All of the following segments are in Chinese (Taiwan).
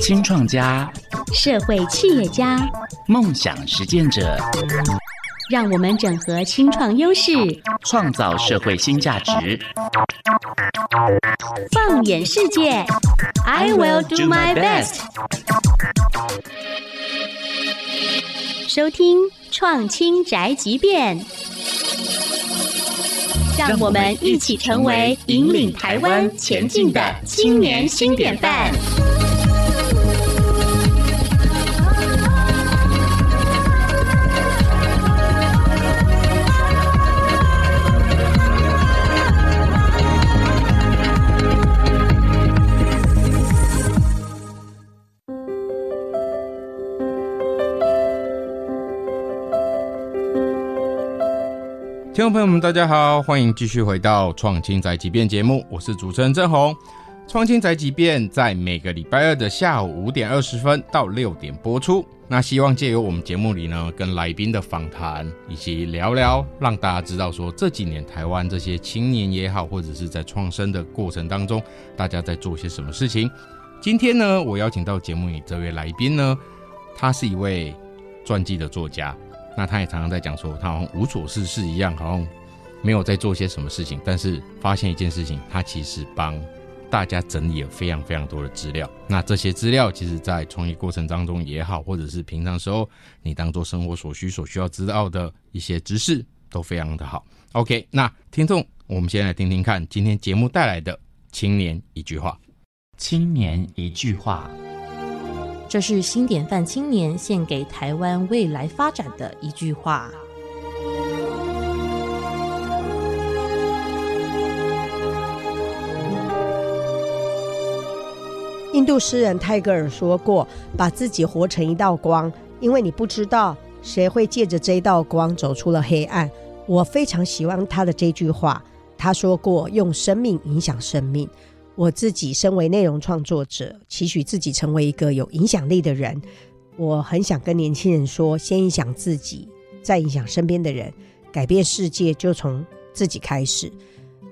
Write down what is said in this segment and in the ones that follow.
青創家，社會企業家，夢想實踐者，讓我們整合青創優勢，創造社會新價值。放眼世界，I will do my best。收聽《創青宅急便》。讓我們一起成為引領台灣前進的青年新典範。聽眾朋友們，大家好，歡迎繼續回到《創青宅急便》節目，我是主持人震鋐。創青宅急便在每個禮拜二的下午五點二十分到六點播出。那希望借由我們節目裡呢，跟來賓的訪談以及聊聊，讓大家知道說這幾年台灣這些青年也好，或者是在創生的過程當中，大家在做些什麼事情。今天呢，我邀請到節目裡這位來賓呢，他是一位傳記的作家。那他也常常在講說，他好像無所事事一樣，好像沒有在做些什麼事情。但是發現一件事情，他其實幫大家整理了非常非常多的資料。那這些資料，其實在創業過程當中也好，或者是平常時候你當做生活所需所需要知道的一些知識，都非常的好。OK，那聽眾，我們先來聽聽看今天節目帶來的青年一句話。青年一句話。這是新典範青年獻給台灣未來發展的一句話。印度詩人泰戈爾說過：“把自己活成一道光，因為你不知道誰會借着這道光走出了黑暗。”我非常喜歡他的這句話。他說過：“用生命影響生命。”我自己身為內容創作者，期許自己成為一個有影響力的人。我很想跟年輕人說：先影響自己，再影響身邊的人，改變世界就從自己開始。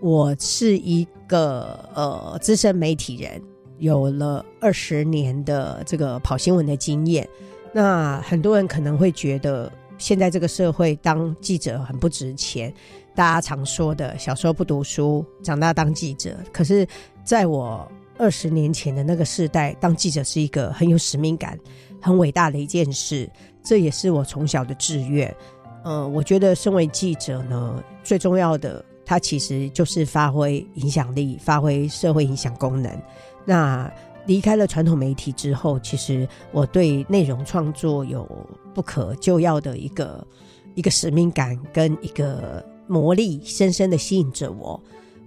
我是一個呃資深媒體人，有了二十年的這個跑新聞的經驗。那很多人可能會覺得，現在這個社會當記者很不值錢。大家常說的“小時候不讀書，長大當記者”，可是，在我二十年前的那個時代，當記者是一個很有使命感、很偉大的一件事。這也是我從小的志願。呃，我覺得身為記者呢，最重要的，它其實就是發揮影響力，發揮社會影響功能。那離開了傳統媒體之後，其實我對內容創作有不可救藥的一個一個使命感跟一個魔力，深深的吸引着我。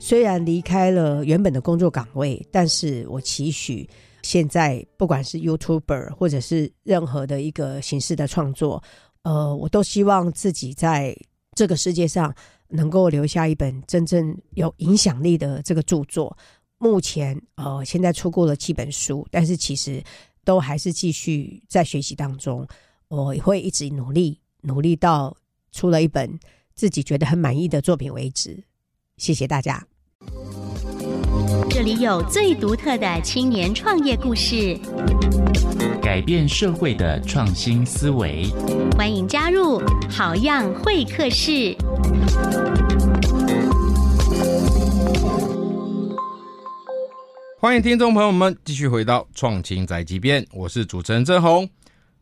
雖然離開了原本的工作崗位，但是我期許現在不管是 YouTuber 或者是任何的一個形式的創作，呃，我都希望自己在這個世界上能夠留下一本真正有影響力的這個著作。目前，呃，現在出過了七本書，但是其實都還是繼續在學習當中，我會一直努力，努力到出了一本自己覺得很滿意的作品為止。謝謝大家。這裡有最獨特的青年創業故事，改變社會的創新思維。歡迎加入好樣會客室。歡迎聽眾朋友們繼續回到《創青宅急便》，我是主持人震鋐。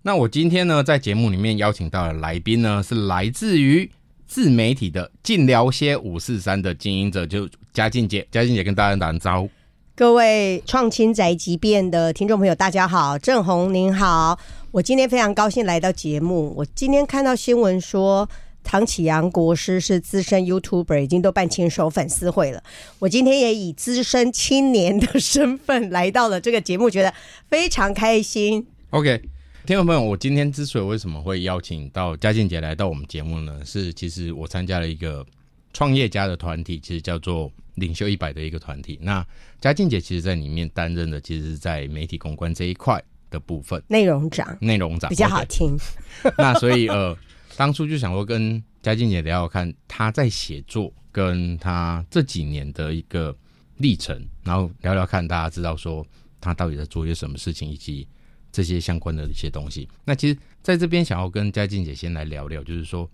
那我今天呢，在節目裡面邀請到的來賓呢，是來自於，自媒體的晉聊些五四三的經營者，就佳晉姐，佳晉姐跟大家打聲招呼。各位創青宅急便的聽眾朋友，大家好。震鋐您好，我今天非常高興來到節目。我今天看到新聞說，唐綺陽國師是資深 YouTuber，已經都辦簽手粉絲會了。我今天也以資深青年的身份來到了這個節目，覺得非常開心。OK。聽眾朋友，我今天之所以為什麼會邀請到佳晉姐來到我們節目呢？是其實我參加了一個創業家的團體，其實叫做“領袖一百”的一個團體。那佳晉姐其實，在裡面擔任的，其實是在媒體公關這一塊的部分，內容長，內容長比較好聽。Okay. 那所以，呃，當初就想說跟佳晉姐聊聊看，她在寫作，跟她這幾年的一個歷程，然後聊聊看，大家知道說她到底在做些什麼事情，以及。這些相關的一些東西，那其實在這邊想要跟佳晉姐先來聊聊，就是說，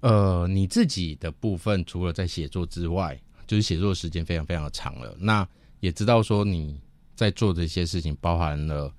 呃，你自己的部分除了在寫作之外，就是寫作時間非常非常的長了，那也知道說你在做的一些事情，包含了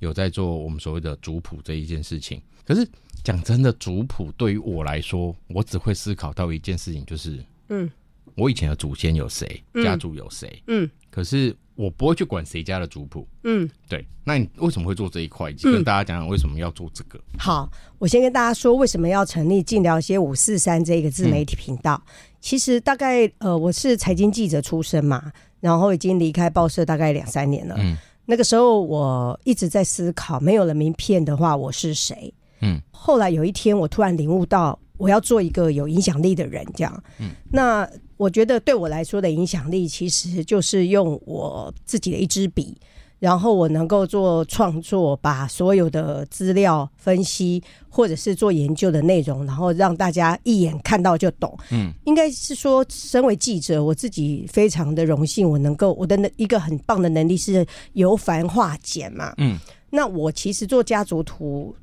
有在做我們所謂的族譜這一件事情。可是講真的，族譜對於我來說，我只會思考到一件事情，就是嗯，我以前的祖先有誰，嗯、家族有誰、嗯，嗯，可是。我不會去管誰家的族譜，嗯，對。那你為什麼會做這一塊？跟大家講講為什麼要做這個、嗯？好，我先跟大家說為什麼要成立“晉聊些五四三”這個自媒體頻道。嗯、其實大概呃，我是財經記者出身嘛，然後已經離開報社大概兩三年了。嗯，那個時候我一直在思考，沒有了名片的話，我是誰？嗯，後來有一天我突然領悟到，我要做一個有影響力的人。這樣，嗯，那。我覺得對我來說的影響力，其實就是用我自己的一支筆，然後我能夠做創作，把所有的資料分析或者是做研究的內容，然後讓大家一眼看到就懂。嗯，應該是說，身為記者，我自己非常的榮幸，我能夠我的一個很棒的能力是由繁化簡嘛。嗯，那我其實做家族圖。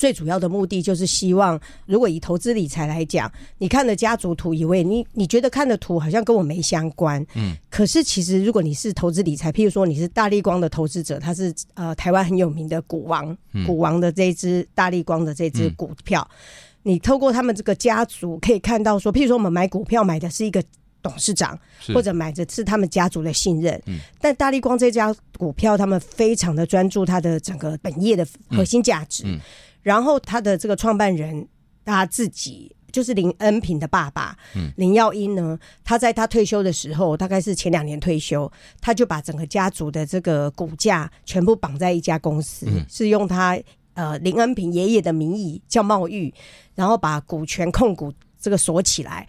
最主要的目的就是希望，如果以投資理財來講，你看了家族圖，以為你你覺得看的圖好像跟我沒相關，嗯，可是其實如果你是投資理財，譬如說你是大立光的投資者，他是呃台灣很有名的股王，股王的這一支、嗯、大立光的這支股票，嗯、你透過他們這個家族可以看到說，譬如說我們買股票買的是一個董事長，是或者買的是他們家族的信任，嗯、但大立光這家股票，他們非常的專注它的整個本業的核心價值。嗯嗯然後他的這個創辦人，他自己就是林恩平的爸爸，嗯、林耀英呢，他在他退休的時候，大概是前兩年退休，他就把整個家族的這個股價全部綁在一家公司，嗯、是用他呃林恩平爺爺的名義叫茂鈺，然後把股權控股這個鎖起來。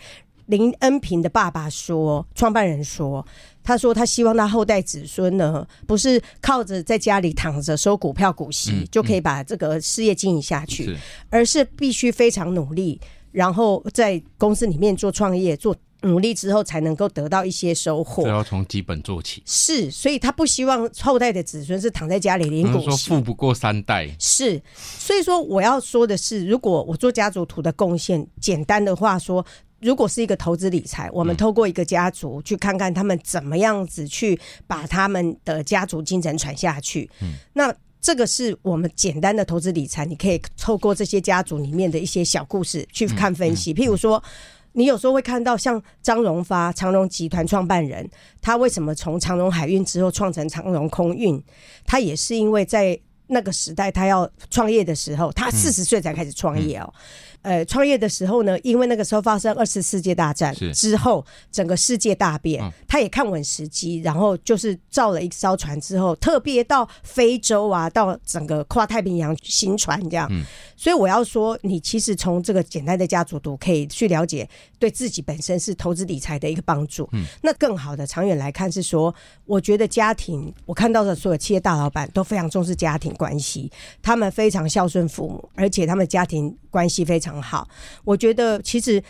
林恩平的爸爸說：“創辦人說，他說他希望他後代子孫呢，不是靠着在家裡躺着收股票股息，嗯、就可以把這個事業經營下去，是，而是必須非常努力，然後在公司裡面做創業、做努力之後，才能夠得到一些收穫。這要從基本做起。是，所以他不希望後代的子孫是躺在家裡領股息。說富不過三代。是，所以說我要說的是，如果我做家族圖的貢獻，簡單的話說。”如果是一個投資理財，我們透過一個家族去看看他們怎麼樣子去把他們的家族精神傳下去。那這個是我們簡單的投資理財，你可以透過這些家族裡面的一些小故事去看分析。譬如說，你有時候會看到像張榮發，長榮集團創辦人，他為什麼從長榮海運之後創成長榮空運？他也是因為在那個時代他要創業的時候，他四十歲才開始創業哦。呃，創業的時候呢，因為那個時候發生二次世界大戰是之後，整個世界大變，他、哦、也看穩時機，然後就是造了一艘船之後，特別到非洲啊，到整個跨太平洋行船這樣。嗯、所以我要說，你其實從這個簡單的家族圖可以去了解，對自己本身是投資理財的一個幫助。嗯、那更好的長遠來看是說，我覺得家庭，我看到的所有企業大老闆都非常重視家庭關係，他們非常孝順父母，而且他們家庭關係非常。很好，我覺得其實，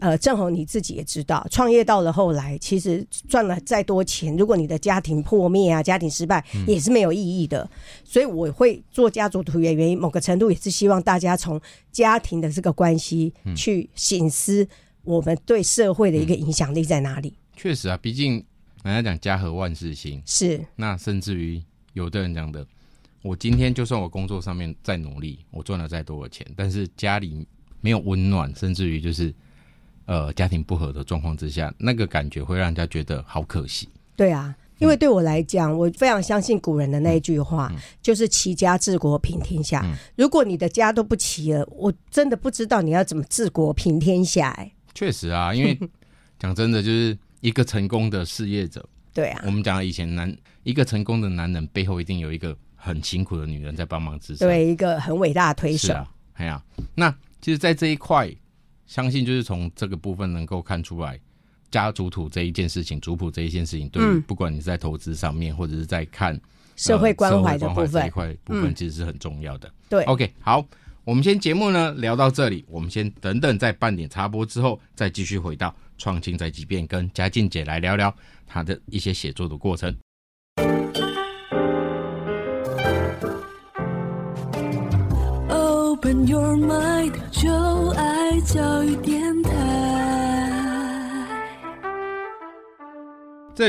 呃，震鋐，你自己也知道，創業到了後來，其實賺了再多錢，如果你的家庭破滅啊，家庭失敗，也是沒有意義的。嗯、所以我會做家族圖員，也原因為某個程度也是希望大家從家庭的這個關係去省思我們對社會的一個影響力在哪裡。嗯、確實啊，畢竟人家講家和萬事興，是那甚至於有的人講的，我今天就算我工作上面再努力，我賺了再多的錢，但是家裡。沒有溫暖，甚至於就是，呃，家庭不和的狀況之下，那個感覺會讓人家覺得好可惜。對啊，因為對我來講，嗯、我非常相信古人的那一句話，嗯、就是“齊家治國平天下”嗯。如果你的家都不齊了，我真的不知道你要怎麼治國平天下、欸。哎，確實啊，因為講真的，就是一個成功的事業者。 對啊，我們講以前男一個成功的男人背後一定有一個很辛苦的女人在幫忙支持，對一個很偉大的推手。是啊，啊，那。其實，在這一塊，相信就是從這個部分能夠看出來，家族圖這一件事情，族譜這一件事情，對不管你是在投資上面，嗯、或者是在看、呃、社會關懷的部分，這一塊部分、嗯、其實是很重要的。對，OK，好，我們先節目呢聊到這裡，我們先等等再半點插播之後，再繼續回到《創青宅急便》跟佳晉姐來聊聊她的一些寫作的過程。嗯這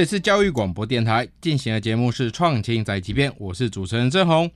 裡是教育廣播電臺進行的節目是《創青宅急便》，我是主持人震鋐。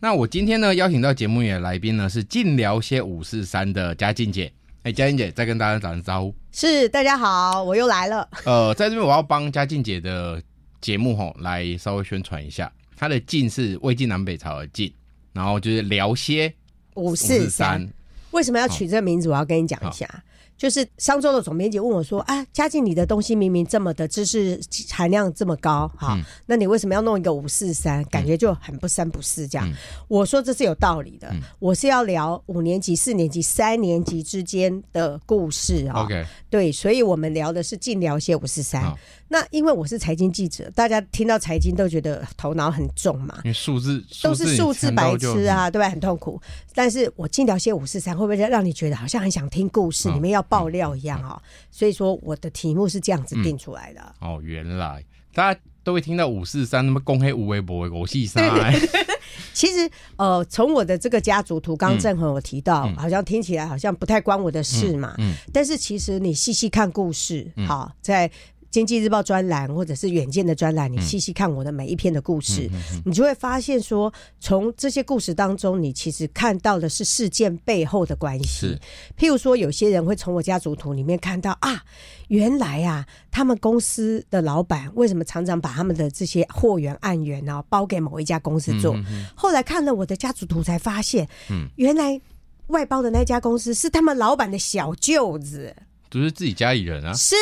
那我今天呢邀請到節目的來賓呢是晉聊些五四三的佳晉姐。哎，佳晉姐，再跟大家打聲招呼。是大家好，我又來了。呃，在這邊我要幫佳晉姐的節目哈、哦、來稍微宣傳一下，她的晉是魏晉南北朝的晉，然後就是聊些。五四三，四三為什麼要取這個名字？哦、我要跟你講一下，好就是商周的總編輯問我說：“啊，佳晉，你的東西明明這麼的知識含量這麼高，哈，嗯、那你為什麼要弄一個五四三？感覺就很不三不四。”這樣，嗯、我說這是有道理的，嗯、我是要聊五年級、四年級、三年級之間的故事、嗯、哦，okay 對，所以我們聊的是晉聊一些五四三。那因為我是財經記者，大家聽到財經都覺得頭腦很重嘛，因為數字，數字都是數字白癡啊，嗯、對吧？很痛苦。但是我晉聊些五四三，會不會讓你覺得好像很想聽故事，裡面要爆料一樣啊、喔？嗯嗯嗯、所以說我的題目是這樣子定出來的。嗯、哦，原來大家都會聽到五四三，那麼公開無微博，我是啥？其實呃，從我的這個家族圖剛震鋐我提到，嗯嗯、好像聽起來好像不太關我的事嘛。嗯。嗯，但是其實你細細看故事，嗯、好在。經濟日報專欄，或者是遠見的專欄，你細細看我的每一篇的故事，嗯、哼哼，你就會發現說，從這些故事當中，你其實看到的是事件背後的關係。是譬如說，有些人會從我家族圖裡面看到啊，原來啊，他們公司的老闆為什麼常常把他們的這些貨源、案源呢、啊、包給某一家公司做？嗯、哼哼，後來看了我的家族圖，才發現，嗯，原來外包的那家公司是他們老闆的小舅子。都是自己家裡人啊，是，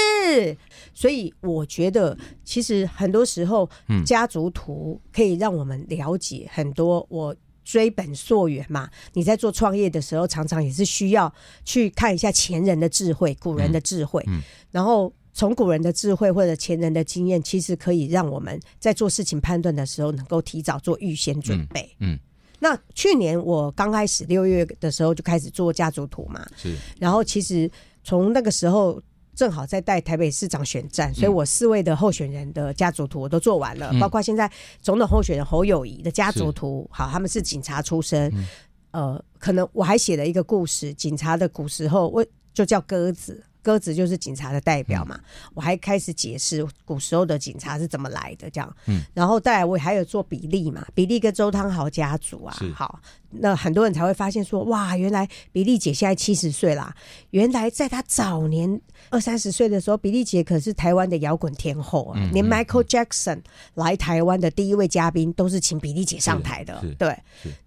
所以我覺得其實很多時候，嗯，家族圖可以讓我們了解很多。我追本溯源嘛，你在做創業的時候，常常也是需要去看一下前人的智慧、古人的智慧，嗯，嗯，然後從古人的智慧或者前人的經驗，其實可以讓我們在做事情判斷的時候，能夠提早做預先準備。嗯，嗯，那去年我剛開始六月的時候就開始做家族圖嘛，是，然後其實。從那個時候，正好在帶台北市長選戰，所以我四位的候選人的家族圖我都做完了，嗯、包括現在總統候選人侯友宜的家族圖，是好，他們是警察出身，嗯、呃，可能我還寫了一個故事，警察的古時候為就叫鴿子，鴿子就是警察的代表嘛，嗯、我還開始解釋古時候的警察是怎麼來的，這樣，嗯，然後，再來我還有做比莉嘛，比莉跟周湯豪家族啊，是好。那很多人才會發現說，哇，原來比利姐現在七十歲啦。原來在她早年二三十歲的時候，比利姐可是台灣的搖滾天後啊。嗯、連 Michael Jackson 來台灣的第一位嘉賓都是請比利姐上台的。對，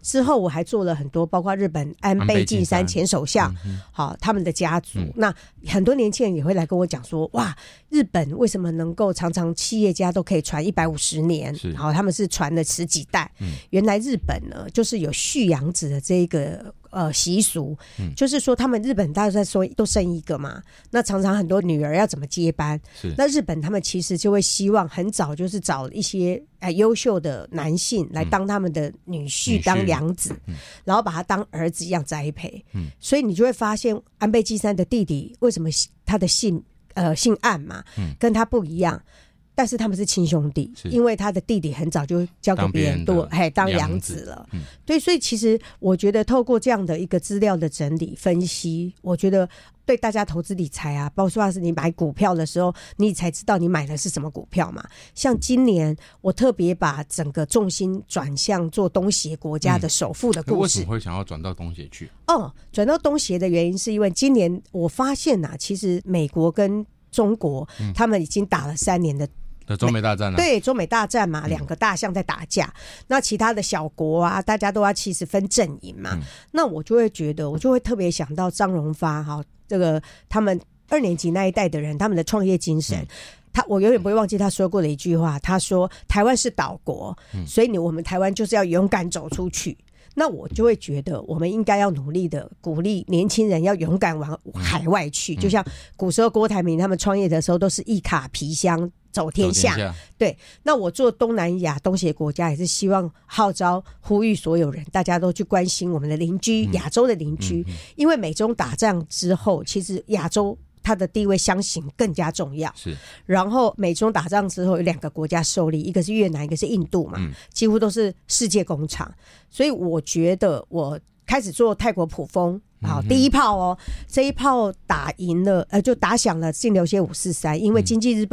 之後我還做了很多，包括日本安倍晉三前首相，好，他們的家族。嗯、那很多年輕人也會來跟我講說，哇，日本為什麼能夠常常企業家都可以傳一百五十年？是好，他們是傳了十幾代。嗯、原來日本呢，就是有續養。養子的這一個呃習俗，嗯、就是說他們，日本大家在說都生一個嘛，那常常很多女兒要怎麼接班？是那日本他們其實就會希望很早就是找一些哎、呃、優秀的男性來當他們的女婿，嗯、當養子，嗯嗯、然後把他當兒子一樣栽培。嗯，所以你就會發現安倍晉三的弟弟為什麼他的姓呃姓岸嘛，嗯、跟他不一樣。但是他們是親兄弟，是因為他的弟弟很早就交給別人做，哎，當養子了。嗯、對，所以其實我覺得透過這樣的一個資料的整理分析，我覺得對大家投資理財啊，包括說，是你買股票的時候，你才知道你買的是什麼股票嘛。像今年，嗯、我特別把整個重心轉向做東協國家的首富的故事。嗯、為什麼會想要轉到東協去？哦，轉到東協的原因是因為今年我發現吶、啊，其實美國跟中國他們已經打了三年的。的中美大戰啊！對，中美大戰嘛，兩個大象在打架。嗯、那其他的小國啊，大家都要其實分陣營嘛。嗯、那我就會覺得，我就會特別想到張榮發哈，這個他們二年級那一代的人，他們的創業精神。嗯、他，我永遠不會忘記他說過的一句話。嗯、他說：“台灣是島國，所以你我們台灣就是要勇敢走出去。”嗯、那我就會覺得，我們應該要努力的鼓勵年輕人要勇敢往海外去。嗯、就像古時候郭台銘他們創業的時候，都是一卡皮箱。走天下，天下對。那我做東南亞東協國家，也是希望號召呼籲所有人，大家都去關心我們的鄰居，亞、嗯、洲的鄰居。嗯嗯嗯、因為美中打仗之後，其實亞洲它的地位相形更加重要。是。然後美中打仗之後，有兩個國家受力，一個是越南，一個是印度嘛，嗯、幾乎都是世界工廠。所以我覺得我開始做泰國普豐好，第一炮哦、喔，嗯嗯、這一炮打贏了，呃，就打響了“晉聊些五四三”，因為《經濟日報》。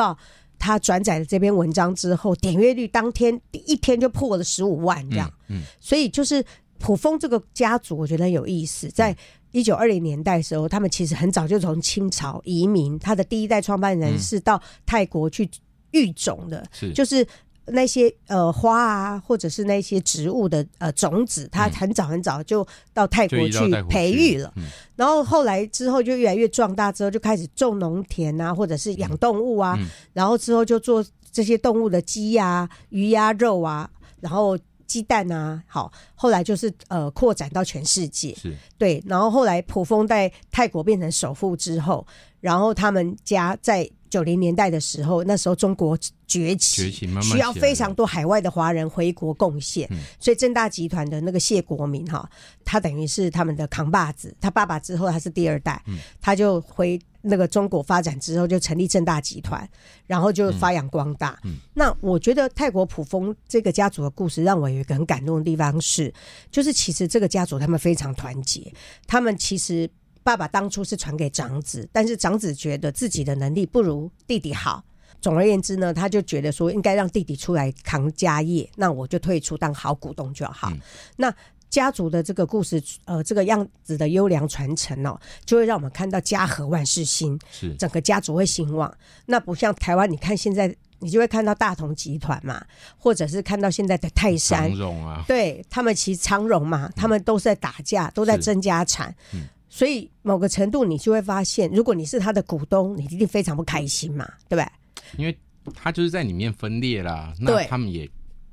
他轉載了這篇文章之後，點閱率當天一天就破了十五萬，這樣。嗯，嗯所以就是卜蜂這個家族，我覺得很有意思。在一九二零年代的時候，他們其實很早就從清朝移民，他的第一代創辦人是到泰國去育種的，嗯、是就是。那些呃花啊，或者是那些植物的呃種子，它很早很早就到泰國去培育了。然後後來之後就越來越壯大，之後就開始種農田啊，或者是養動物啊。然後之後就做這些動物的雞啊、魚呀肉啊，然後雞蛋啊。好，後來就是呃擴展到全世界。是，對。然後後來卜蜂在泰國變成首富之後，然後他們家在。九零年代的時候，那時候中國崛起，崛起慢慢起來了，需要非常多海外的華人回國貢獻，嗯、所以正大集團的那個謝國民哈，他等於是他們的扛把子，他爸爸之後他是第二代，嗯、他就回那個中國發展之後就成立正大集團，嗯、然後就發揚光大。嗯嗯、那我覺得泰國卜蜂這個家族的故事讓我有一個很感動的地方是，就是其實這個家族他們非常團結，他們其實。爸爸當初是傳給長子，但是長子覺得自己的能力不如弟弟好。總而言之呢，他就覺得說應該讓弟弟出來扛家業，那我就退出當好股東就好。嗯、那家族的這個故事，呃，這個樣子的優良傳承哦，就會讓我們看到家和萬事興，是整個家族會興旺。那不像台灣，你看現在你就會看到大同集團嘛，或者是看到現在的泰山長榮啊，對他們其實長榮嘛，他們都是在打架，嗯、都在爭家產。所以某個程度，你就會發現，如果你是他的股東，你一定非常不開心嘛，對不對？因為他就是在裡面分裂啦。對，那他們也，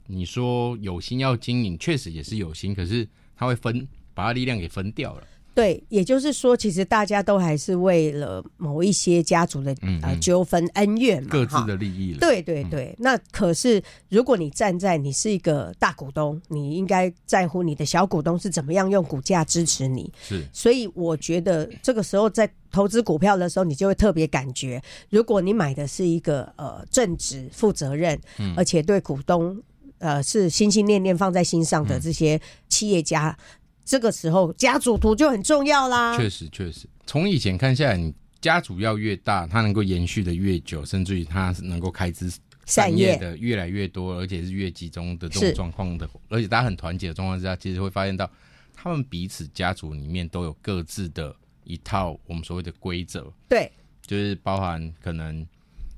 你說有心要經營，確實也是有心，可是他會分，把他力量給分掉了。對，也就是說，其實大家都還是為了某一些家族的呃糾紛恩怨、嗯，各自的利益了。對對對，嗯、那可是如果你站在你是一個大股東，你應該在乎你的小股東是怎麼樣用股價支持你。是，所以我覺得這個時候在投資股票的時候，你就會特別感覺，如果你買的是一個呃正直、負責任，嗯、而且對股東呃是心心念念放在心上的這些企業家。嗯嗯這個時候，家族圖就很重要啦。確實，確實，從以前看下來，你家族要越大，它能夠延續的越久，甚至於它是能夠開枝散葉的越來越多，業而且是越集中的這種狀況的，是而且大家很團結的狀況之下，其實會發現到他們彼此家族裡面都有各自的一套我們所謂的規則。對，就是包含可能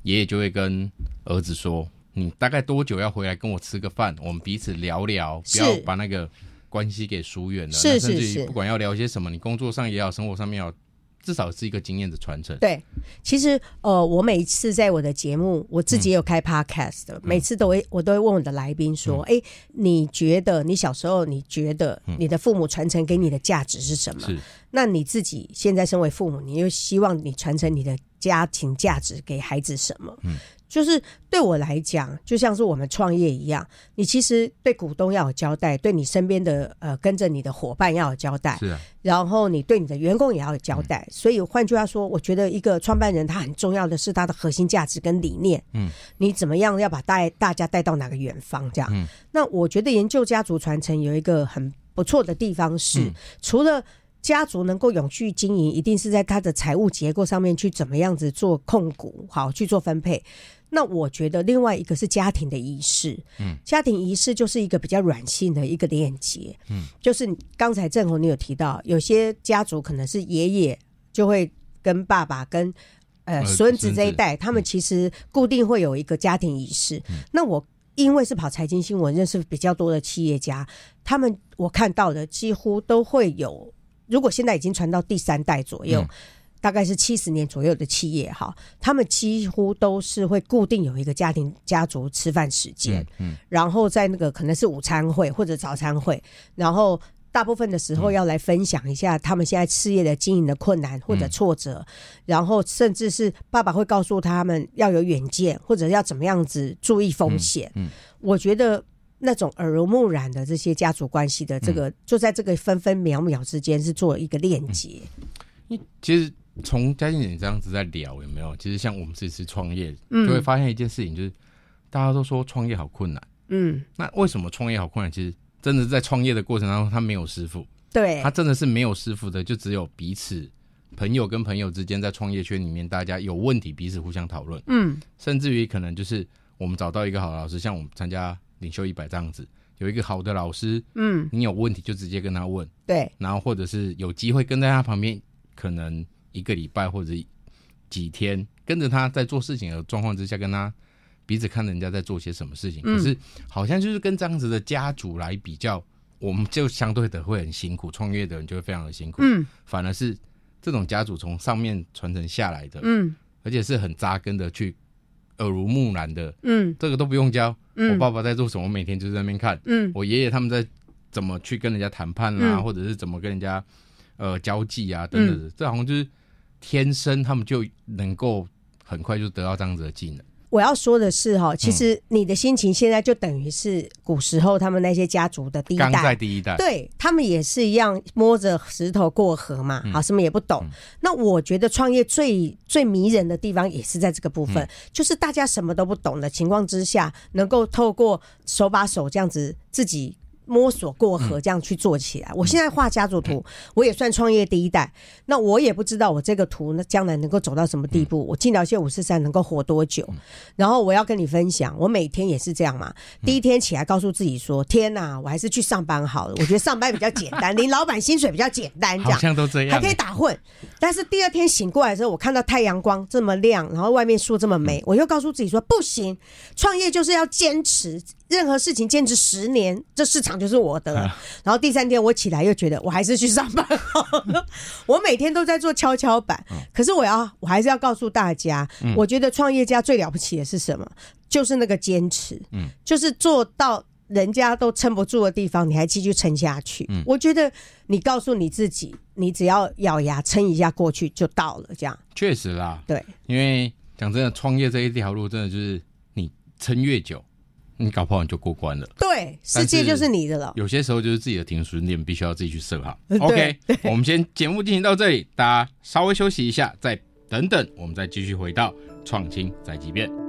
爺爺就會跟兒子說：“你大概多久要回來跟我吃個飯？我們彼此聊聊，是不要把那個。”關係給疏遠了，是是甚至於不管要聊些什麼，是是你工作上也好，生活上面也好，至少是一個經驗的傳承。對，其實呃，我每一次在我的節目，我自己也有開 podcast，、嗯、每次都會我都會問我的來賓說：“哎、嗯欸，你覺得你小時候，你覺得你的父母傳承給你的價值是什麼？嗯、是那你自己現在身為父母，你又希望你傳承你的家庭價值給孩子什麼？”嗯。就是對我來講，就像是我們創業一樣，你其實對股東要有交代，對你身邊的呃跟着你的夥伴要有交代，啊、然後你對你的員工也要有交代。嗯、所以換句話說，我覺得一個創辦人他很重要的是他的核心價值跟理念。嗯，你怎麼樣要把帶大家帶到哪個遠方？這樣。嗯、那我覺得研究家族傳承有一個很不錯的地方是，嗯、除了家族能夠永續經營，一定是在他的財務結構上面去怎麼樣子做控股，好去做分配。那我覺得另外一個是家庭的儀式，嗯，家庭儀式就是一個比較軟性的一個鏈接，嗯，就是剛才震鋐你有提到，有些家族可能是爺爺就會跟爸爸跟，呃，孫子這一代，孫子，他們其實固定會有一個家庭儀式。嗯，那我因為是跑財經新聞，認識比較多的企業家，他們我看到的幾乎都會有，如果現在已經傳到第三代左右。嗯大概是七十年左右的企業哈，他們幾乎都是會固定有一個家庭家族吃飯時間，嗯，嗯，然後在那個可能是午餐會或者早餐會，然後大部分的時候要來分享一下他們現在事業的經營的困難或者挫折，嗯嗯，然後甚至是爸爸會告訴他們要有遠見或者要怎麼樣子注意風險，嗯，嗯嗯，我覺得那種耳濡目染的這些家族關係的這個，嗯，就在這個分分秒秒之間是做一個鏈接，你，嗯，其實。從佳晉姐這樣子在聊有沒有？其實像我們這次創業，嗯、就會發現一件事情，就是大家都說創業好困難。嗯，那為什麼創業好困難？其實真的是在創業的過程當中，他沒有師傅。對，他真的是沒有師傅的，就只有彼此朋友跟朋友之間在創業圈裡面，大家有問題彼此互相討論。嗯，甚至於可能就是我們找到一個好的老師，像我們參加領袖一百這樣子，有一個好的老師。嗯，你有問題就直接跟他問。對，然後或者是有機會跟在他旁邊，可能。一個禮拜或者幾天，跟着他在做事情的狀況之下，跟他彼此看人家在做些什麼事情，嗯、可是好像就是跟這樣子的家族來比較，我們就相對的會很辛苦，創業的人就會非常的辛苦。嗯、反而是這種家族從上面傳承下來的，嗯，而且是很扎根的，去耳濡目染的，嗯，這個都不用教。嗯、我爸爸在做什麼，我每天就在那邊看。嗯，我爺爺他們在怎麼去跟人家談判啊，嗯、或者是怎麼跟人家呃交際啊，等等的，嗯、這好像就是。天生他們就能夠很快就得到這樣子的技能。我要說的是哈，其實你的心情現在就等於是古時候他們那些家族的第一代，剛在第一代，對他們也是一樣摸着石頭過河嘛，啊、嗯，什麼也不懂。嗯、那我覺得創業最最迷人的地方也是在這個部分，嗯、就是大家什麼都不懂的情況之下，能夠透過手把手這樣子自己。摸索過河，這樣去做起來。嗯、我現在畫家族圖，對我也算創業第一代。那我也不知道我這個圖，那將來能夠走到什麼地步。嗯、我晉聊些五四三能夠活多久？嗯、然後我要跟你分享，我每天也是這樣嘛。嗯、第一天起來，告訴自己說：“天哪、啊，我還是去上班好了。”我覺得上班比較簡單，領 老闆薪水比較簡單，好像都這樣、欸，還可以打混。但是第二天醒過來的時候，我看到太陽光這麼亮，然後外面樹這麼美，嗯、我又告訴自己說：“不行，創業就是要堅持。”任何事情堅持十年，這市場就是我的。然後第三天我起來又覺得我還是去上班好。 我每天都在做蹺蹺板，可是我要我還是要告訴大家，嗯，我覺得創業家最了不起的是什麼？就是那個堅持，嗯，就是做到人家都撐不住的地方，你還繼續撐下去。嗯，我覺得你告訴你自己，你只要咬牙撐一下過去就到了，這樣。確實啦，對，因為講真的，創業這一條路真的就是你撐越久。你搞不好你就過關了，對，世界就是你的了。有些時候就是自己的停損點必須要自己去設哈。OK，我們先節目進行到這裡，大家稍微休息一下，再等等，我們再繼續回到創青宅急便。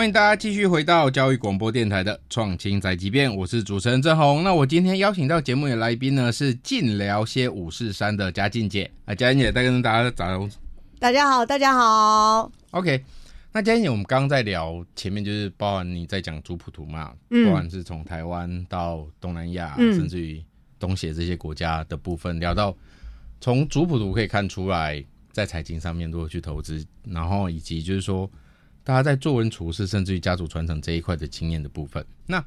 歡迎大家繼續回到教育廣播電臺的《創青宅急便》，我是主持人劉震鋐。那我今天邀請到節目的來賓呢，是《晉聊些五四三的》的佳晉姐啊，佳晉姐，再跟大家打招呼。大家好，大家好。OK，那佳晉姐，我們剛，剛在聊前面就是包含你在講族譜圖嘛，不管、嗯、是從臺灣到東南亞，嗯、甚至於東協這些國家的部分，聊到從族譜圖可以看出來，在財經上面如何去投資，然後以及就是說。大家在作文、處事，甚至於家族傳承這一塊的經驗的部分，那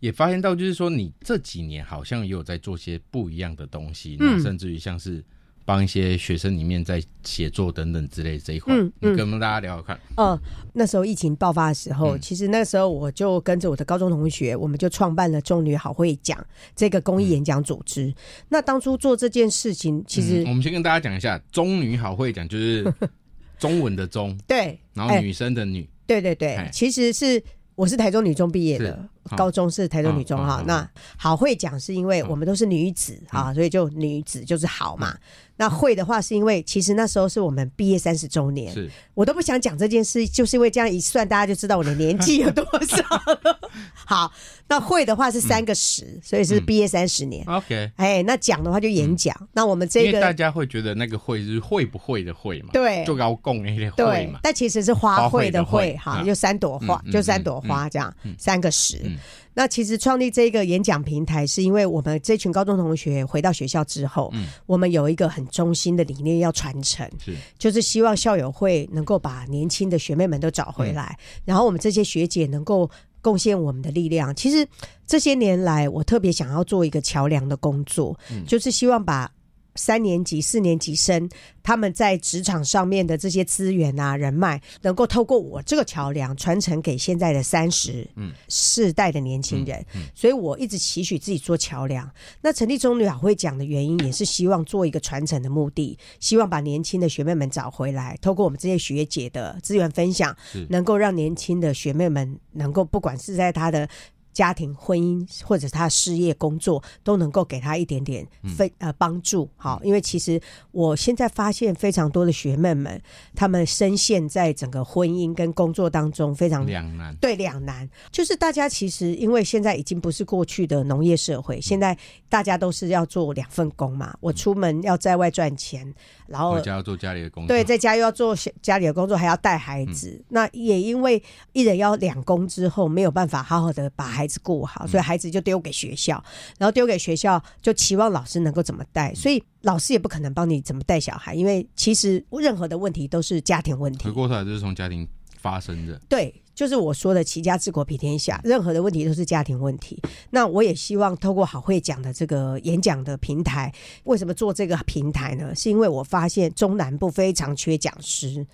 也發現到，就是說你這幾年好像也有在做些不一樣的東西，嗯，那甚至於像是幫一些學生裡面在寫作等等之類的這一塊、嗯，嗯，你跟我們大家聊好看。嗯、呃，那時候疫情爆發的時候，嗯、其實那時候我就跟着我的高中同學，我們就創辦了中女好卉講這個公益演講組織。嗯、那當初做這件事情，其實、嗯、我們先跟大家講一下，中女好卉講就是。 中文的中，對，欸、然後女生的女，對對對，欸、其實是我是台中女中畢業的。高中是台中女中哈，那好會講是因為我們都是女子啊，所以就女子就是好嘛。那會的話是因為其實那時候是我們畢業三十周年，我都不想講這件事，就是因為這樣一算大家就知道我的年紀有多少了。好，那會的話是三個十，所以是畢業三十年。OK，哎，那講的話就演講。那我們這個大家會覺得那個會是會不會的會嘛？對，就高供那個會嘛。但其實是花卉的會哈，就三朵花，就三朵花這樣，三個十。嗯、那其實創立這個演講平台，是因為我們這群高中同學回到學校之後，嗯、我們有一個很中心的理念要傳承，是，就是希望校友會能夠把年輕的學妹們都找回來，嗯、然後我們這些學姐能夠貢獻我們的力量。其實這些年來，我特別想要做一個橋樑的工作，嗯、就是希望把。三年級、四年級生，他們在職場上面的這些資源啊、人脈，能夠透過我這個橋梁傳承給現在的三十、嗯，世代的年輕人。嗯嗯嗯、所以我一直期許自己做橋梁。那成立中女好卉講的原因，也是希望做一個傳承的目的，希望把年輕的學妹們找回來，透過我們這些學姐的資源分享，是能夠讓年輕的學妹們能夠不管是在她的。家庭、婚姻或者他事業、工作都能夠給他一點點非、嗯、呃幫助，好，嗯、因為其實我現在發現非常多的學妹們，他們深陷在整個婚姻跟工作當中，非常兩難。對，兩難就是大家其實因為現在已經不是過去的農業社會，嗯、現在大家都是要做兩份工嘛。我出門要在外賺錢，嗯、然後家要做家裡的工作，對，在家又要做家裡的工作，還要帶孩子。嗯、那也因為一人要兩工之後，沒有辦法好好的把。孩子顧好，所以孩子就丟給學校，嗯、然後丟給學校，就期望老師能夠怎麼帶，嗯、所以老師也不可能幫你怎麼帶小孩，因為其實任何的問題都是家庭問題。回過頭來就是從家庭發生的，對，就是我說的“齊家治國平天下”，任何的問題都是家庭問題。那我也希望透過好卉講的這個演講的平台，為什麼做這個平台呢？是因為我發現中南部非常缺講師。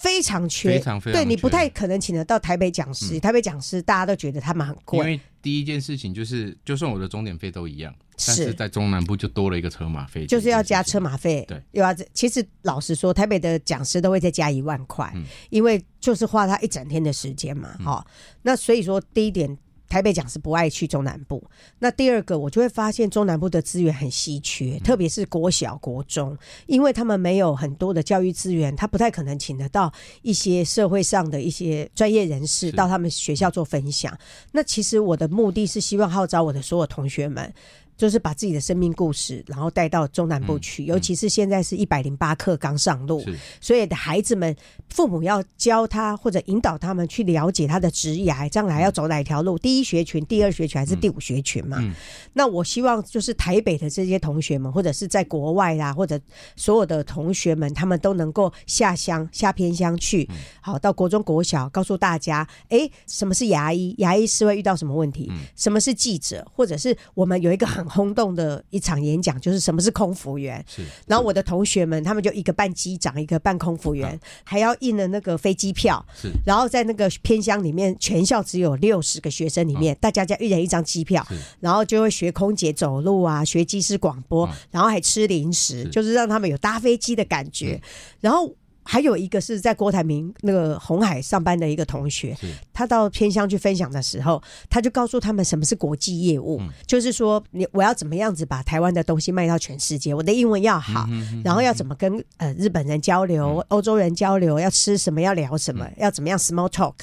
非常缺，非常非常缺，對，你不太可能請得到台北講師。嗯、台北講師大家都覺得他們很貴，因為第一件事情就是，就算我的鐘點費都一樣，是但是在中南部就多了一個車馬費，就是要加車馬費。對，要對，其實老實說，台北的講師都會再加一萬塊，嗯、因為就是花他一整天的時間嘛。哈、嗯哦，那所以說第一點。台北講是不愛去中南部，那第二個我就會發現中南部的資源很稀缺，特別是國小、國中，因為他們沒有很多的教育資源，他不太可能請得到一些社會上的一些專業人士到他們學校做分享。是那其實我的目的是希望號召我的所有同學們。就是把自己的生命故事，然後帶到中南部去，嗯嗯、尤其是現在是一百零八課剛上路，是所以的孩子們，父母要教他或者引導他們去了解他的職業，將來要走哪條路，嗯、第一學群、第二學群還是第五學群嘛？嗯嗯、那我希望就是台北的這些同學們，或者是在國外啊，或者所有的同學們，他們都能夠下鄉下偏鄉去，嗯、好到國中、國小告訴大家、欸，什麼是牙醫？牙醫是會遇到什麼問題？嗯、什麼是記者？或者是我們有一個很轟動的一場演講，就是什麼是空服員。然後我的同學們，他們就一個扮機長，一個扮空服員，啊、還要印了那個飛機票。是然後在那個偏鄉裡面，全校只有六十個學生裡面，啊、大家家一人一張機票，是然後就會學空姐走路啊，學機師廣播，啊、然後還吃零食，是就是讓他們有搭飛機的感覺。嗯、然後。還有一個是在郭台銘那個鴻海上班的一個同學，是他到偏鄉去分享的時候，他就告訴他們什麼是國際業務，嗯、就是說，我我要怎麼樣子把台灣的東西賣到全世界？我的英文要好，嗯、哼哼哼哼然後要怎麼跟呃日本人交流、歐、嗯、洲人交流？要吃什麼？要聊什麼？嗯、要怎麼樣？Small talk。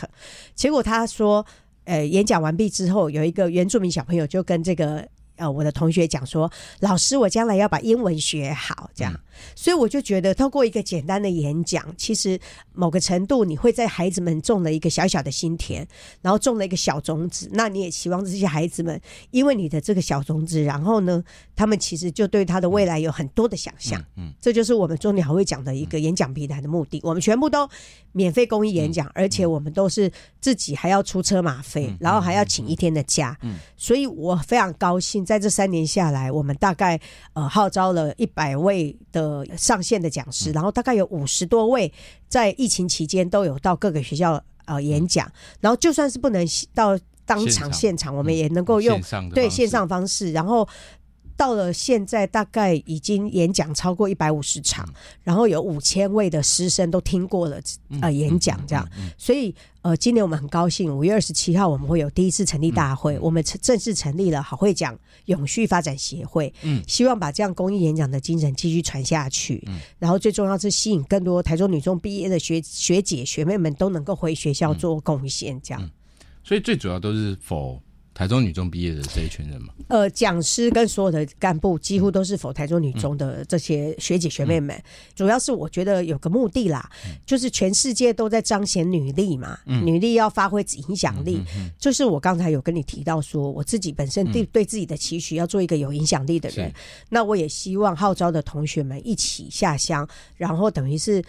結果他說，呃，演講完畢之後，有一個原住民小朋友就跟這個呃我的同學講說：“老師，我將來要把英文學好。”這樣。嗯所以我就覺得，透過一個簡單的演講，其實某個程度你會在孩子們種了一個小小的心田，然後種了一個小種子。那你也希望這些孩子們，因為你的這個小種子，然後呢，他們其實就對他的未來有很多的想象。嗯，嗯這就是我們中女好卉講的一個演講平台的目的。嗯、我們全部都免費公益演講，嗯、而且我們都是自己還要出車馬費，嗯嗯、然後還要請一天的假、嗯。嗯，所以我非常高興，在這三年下來，我們大概呃號召了一百位的。呃，上線的講師，然後大概有五十多位，在疫情期間都有到各個學校呃演講，然後就算是不能到當場現場，現場我們也能夠用、嗯、線上的方式，對線上方式，然後。到了現在，大概已經演講超過一百五十場，嗯、然後有五千位的師生都聽過了呃，演講這樣。嗯嗯嗯、所以呃，今年我們很高興，五月二十七號我們會有第一次成立大會，嗯、我們正式成立了好卉講永續發展協會。嗯，希望把這樣公益演講的精神繼續傳下去。嗯，然後最重要是吸引更多台中女中畢業的學學姐學妹們都能夠回學校做貢獻這樣、嗯。所以最主要都是 for。台中女中畢業的這一群人嗎？呃，講師跟所有的幹部幾乎都是否台中女中的這些學姐學妹們，嗯嗯嗯、主要是我覺得有個目的啦，嗯、就是全世界都在彰顯女力嘛，嗯、女力要發揮影響力，嗯嗯嗯嗯、就是我剛才有跟你提到說，我自己本身對對自己的期許要做一個有影響力的人，嗯、那我也希望號召的同學們一起下鄉，然後等於是。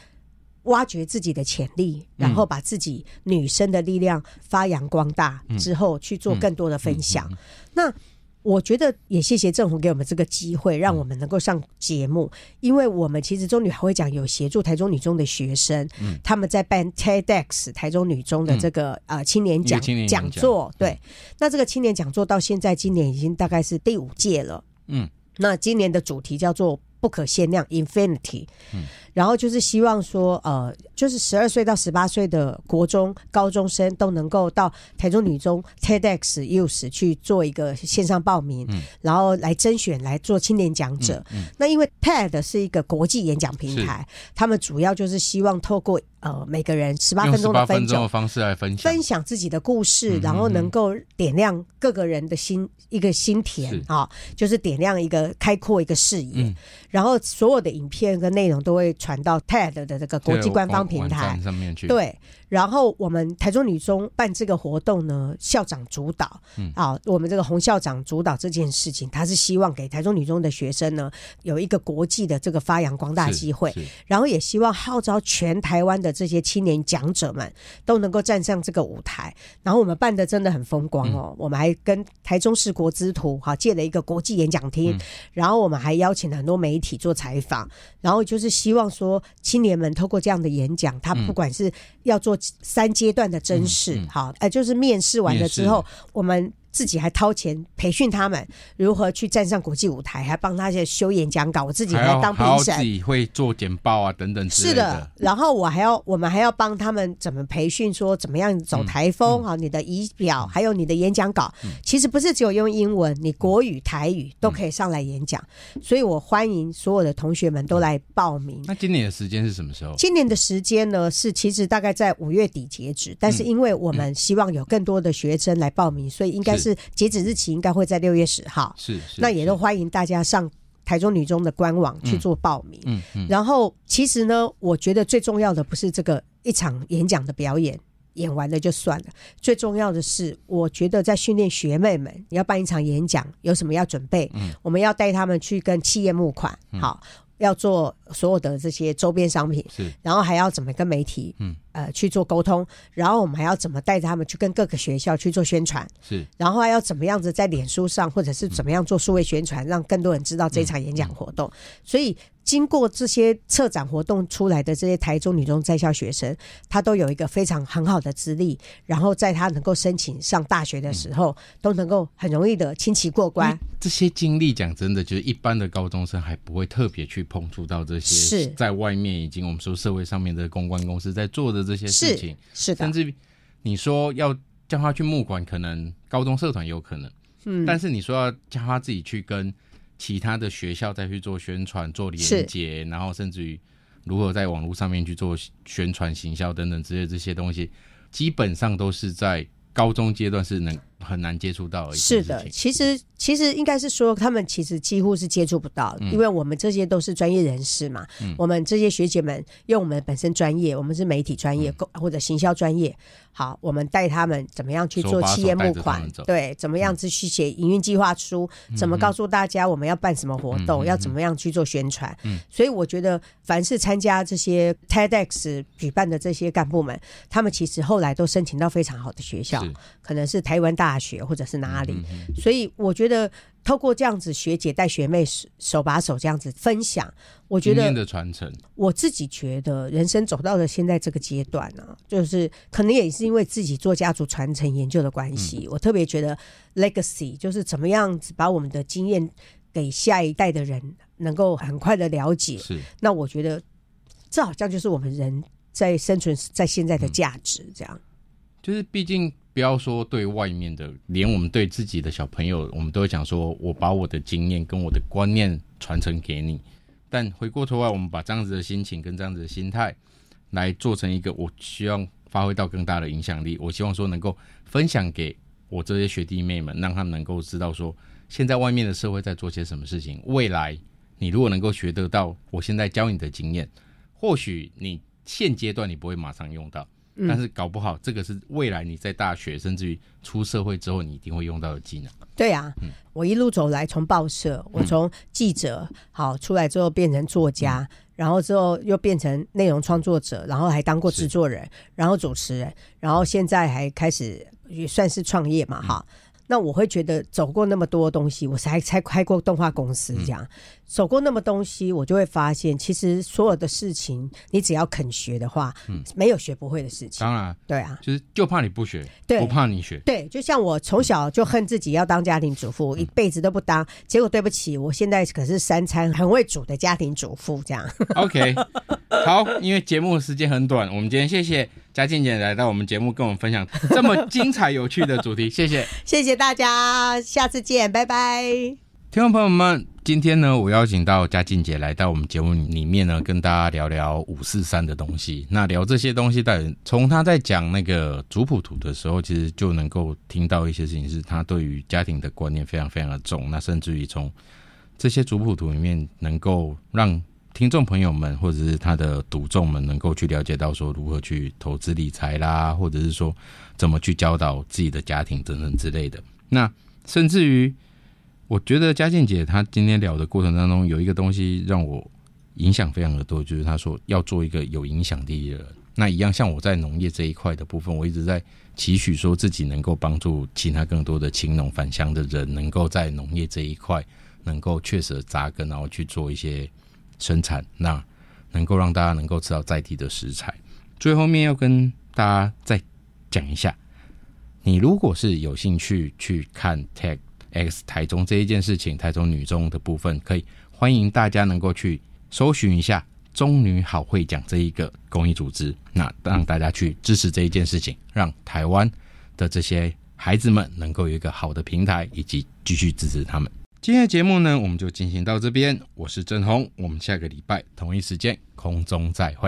挖掘自己的潛力，然後把自己女生的力量發揚光大、嗯、之後，去做更多的分享。嗯嗯嗯、那我覺得也謝謝震鋐給我們這個機會，讓我們能夠上節目。嗯、因為我們其實中女好卉講有協助台中女中的學生，他、嗯、們在辦 TEDx 台中女中的這個、嗯、呃青年，獎青年講講座。對，嗯、那這個青年講座到現在今年已經大概是第五屆了。嗯，那今年的主題叫做不可限量 （Infinity）。嗯。然後就是希望說，呃，就是十二歲到十八歲的國中高中生都能夠到台中女中 TEDx Youth 去做一個線上報名，嗯、然後來甄選來做青年講者。嗯嗯、那因為 TED 是一個國際演講平台，是他們主要就是希望透過呃每個人十八分，分，分鐘的方式來分享，分享自己的故事，然後能夠點亮各個人的心、嗯嗯、一個心田啊是、哦，就是點亮一個開闊一個視野。嗯、然後所有的影片跟內容都會。傳到 TED 的這個國際官方平台上面去。對，然後我們台中女中辦這個活動呢，校長主導。嗯，啊，我們這個洪校長主導這件事情，他是希望給台中女中的學生呢，有一個國際的這個發揚光大機會。然後也希望號召全台灣的這些青年講者們都能夠站上這個舞台。然後我們辦的真的很風光哦，我們還跟台中市國資圖哈、啊、借了一個國際演講廳，然後我們還邀請了很多媒體做採訪，然後就是希望。說青年們透過這樣的演講，他不管是要做三階段的甄試，嗯、好，呃，就是面試完了之後，是我們。自己還掏錢培訓他們如何去站上國際舞台，還幫他們修演講稿。我自己還當評審，自己會做簡報啊，等等之類的。是的，然後我還要，我們還要幫他們怎麼培訓，說怎麼樣走台風、嗯嗯、好，你的儀表，嗯、還有你的演講稿。嗯、其實不是只有用英文，你國語、台語都可以上來演講。嗯、所以我歡迎所有的同學們都來報名。嗯、那今年的時間是什麼時候？今年的時間呢，是其實大概在五月底截止，但是因為我們希望有更多的學生來報名，所以應該。是截止日期應該會在六月十號，是，是，是，那也都歡迎大家上台中女中的官網去做報名。嗯，嗯，嗯，然後其實呢，我覺得最重要的不是這個一場演講的表演，演完了就算了。最重要的是，我覺得在訓練學妹們，你要辦一場演講，有什麼要準備？嗯、我們要帶他們去跟企業募款。嗯、好。要做所有的這些周邊商品，是然後還要怎麼跟媒體，嗯、呃去做溝通，然後我們還要怎麼帶着他們去跟各個學校去做宣傳，是然後還要怎麼樣子在臉書上或者是怎麼樣做數位宣傳，嗯、讓更多人知道這場演講活動，嗯嗯、所以。經過這些策展活動出來的這些台中女中在校學生，她都有一個非常很好的資歷，然後在她能夠申請上大學的時候，嗯、都能夠很容易的輕騎過關。這些經歷，講真的，就是一般的高中生還不會特別去碰觸到這些，在外面以及我們說社會上面的公關公司在做的這些事情，是，是的。甚至你說要叫她去募款，可能高中社團有可能，嗯，但是你說要叫她自己去跟。其他的學校再去做宣傳、做連結，是然後甚至於如何在網絡上面去做宣傳、行銷等等之類的這些東西，基本上都是在高中階段是能。很難接觸到而已，是的，其實其實應該是說，他們其實幾乎是接觸不到，嗯、因為我們這些都是專業人士嘛。嗯、我們這些學姐們用我們本身專業，我們是媒體專業，嗯、或者行銷專業。好，我們帶他們怎麼樣去做企業募款？手把手帶着他們走。對，怎麼樣子去寫營運計劃書？嗯、怎麼告訴大家我們要辦什麼活動？嗯、要怎麼樣去做宣傳？嗯嗯、所以我覺得，凡是參加這些 TEDx 舉辦的這些幹部們，他們其實後來都申請到非常好的學校，是可能是台灣大。大學或者是哪裡，嗯、哼所以我覺得透過這樣子學姐帶學妹手把手這樣子分享，我覺得的傳承。我自己覺得人生走到了現在這個階段呢、啊，就是可能也是因為自己做家族傳承研究的關係，嗯、我特別覺得 legacy 就是怎麼樣子把我們的經驗給下一代的人能夠很快的了解。是那我覺得這好像就是我們人在生存在現在的價值，這樣就是畢竟。不要說對外面的，連我們對自己的小朋友，我們都會講說，我把我的經驗跟我的觀念傳承給你。但回過頭來，我們把這樣子的心情跟這樣子的心態，來做成一個，我希望發揮到更大的影響力。我希望說能夠分享給我這些學弟妹們，讓他們能夠知道說，現在外面的社會在做些什麼事情。未來你如果能夠學得到我現在教你的經驗，或許你現階段你不會馬上用到。但是搞不好，這個是未來你在大學，甚至於出社會之後，你一定會用到的技能。對啊，嗯、我一路走來，從報社，我從記者、嗯、好出來之後變成作家，嗯、然後之後又變成內容創作者，然後還當過製作人，是然後主持人，然後現在還開始也算是創業嘛哈。嗯、那我會覺得走過那麼多東西，我才才開過動畫公司這樣。嗯手過那麼東西，我就會發現，其實所有的事情，你只要肯學的話，嗯，沒有學不會的事情。當然，對啊，就是就怕你不學，對，不怕你學，對。就像我從小就恨自己要當家庭主婦，嗯、一輩子都不當，結果對不起，我現在可是三餐很會煮的家庭主婦這樣，嗯。OK，好，因為節目時間很短，我們今天謝謝佳晉姐來到我們節目，跟我們分享這麼精彩有趣的主題， 謝謝，謝謝大家，下次見，拜拜。聽眾朋友們，今天呢，我邀請到佳晉姐來到我們節目裡面呢，跟大家聊聊五四三的東西。那聊這些東西，但從他在講那個族譜圖的時候，其實就能夠聽到一些事情，是他對於家庭的觀念非常非常的重。那甚至於從這些族譜圖裡面，能夠讓聽眾朋友們或者是他的讀眾們，能夠去了解到說如何去投資理財啦，或者是說怎麼去教導自己的家庭等等之類的。那甚至於。我覺得佳晉姐，她今天聊的過程當中，有一個東西讓我影響非常的多，就是她說要做一個有影響力的人。那一樣像我在農業這一塊的部分，我一直在期許說自己能夠幫助其他更多的青農返鄉的人，能夠在農業這一塊能夠確實紮根，然後去做一些生產，那能夠讓大家能夠吃到在地的食材。最後面要跟大家再講一下，你如果是有興趣去看 tag x 台中這一件事情，台中女中的部分可以歡迎大家能夠去搜尋一下“中女好卉講這一個公益組織，那讓大家去支持這一件事情，讓台灣的這些孩子們能夠有一個好的平台，以及繼續支持他們。今天的節目呢，我們就進行到這邊。我是震鋐，我們下個禮拜同一時間空中再會。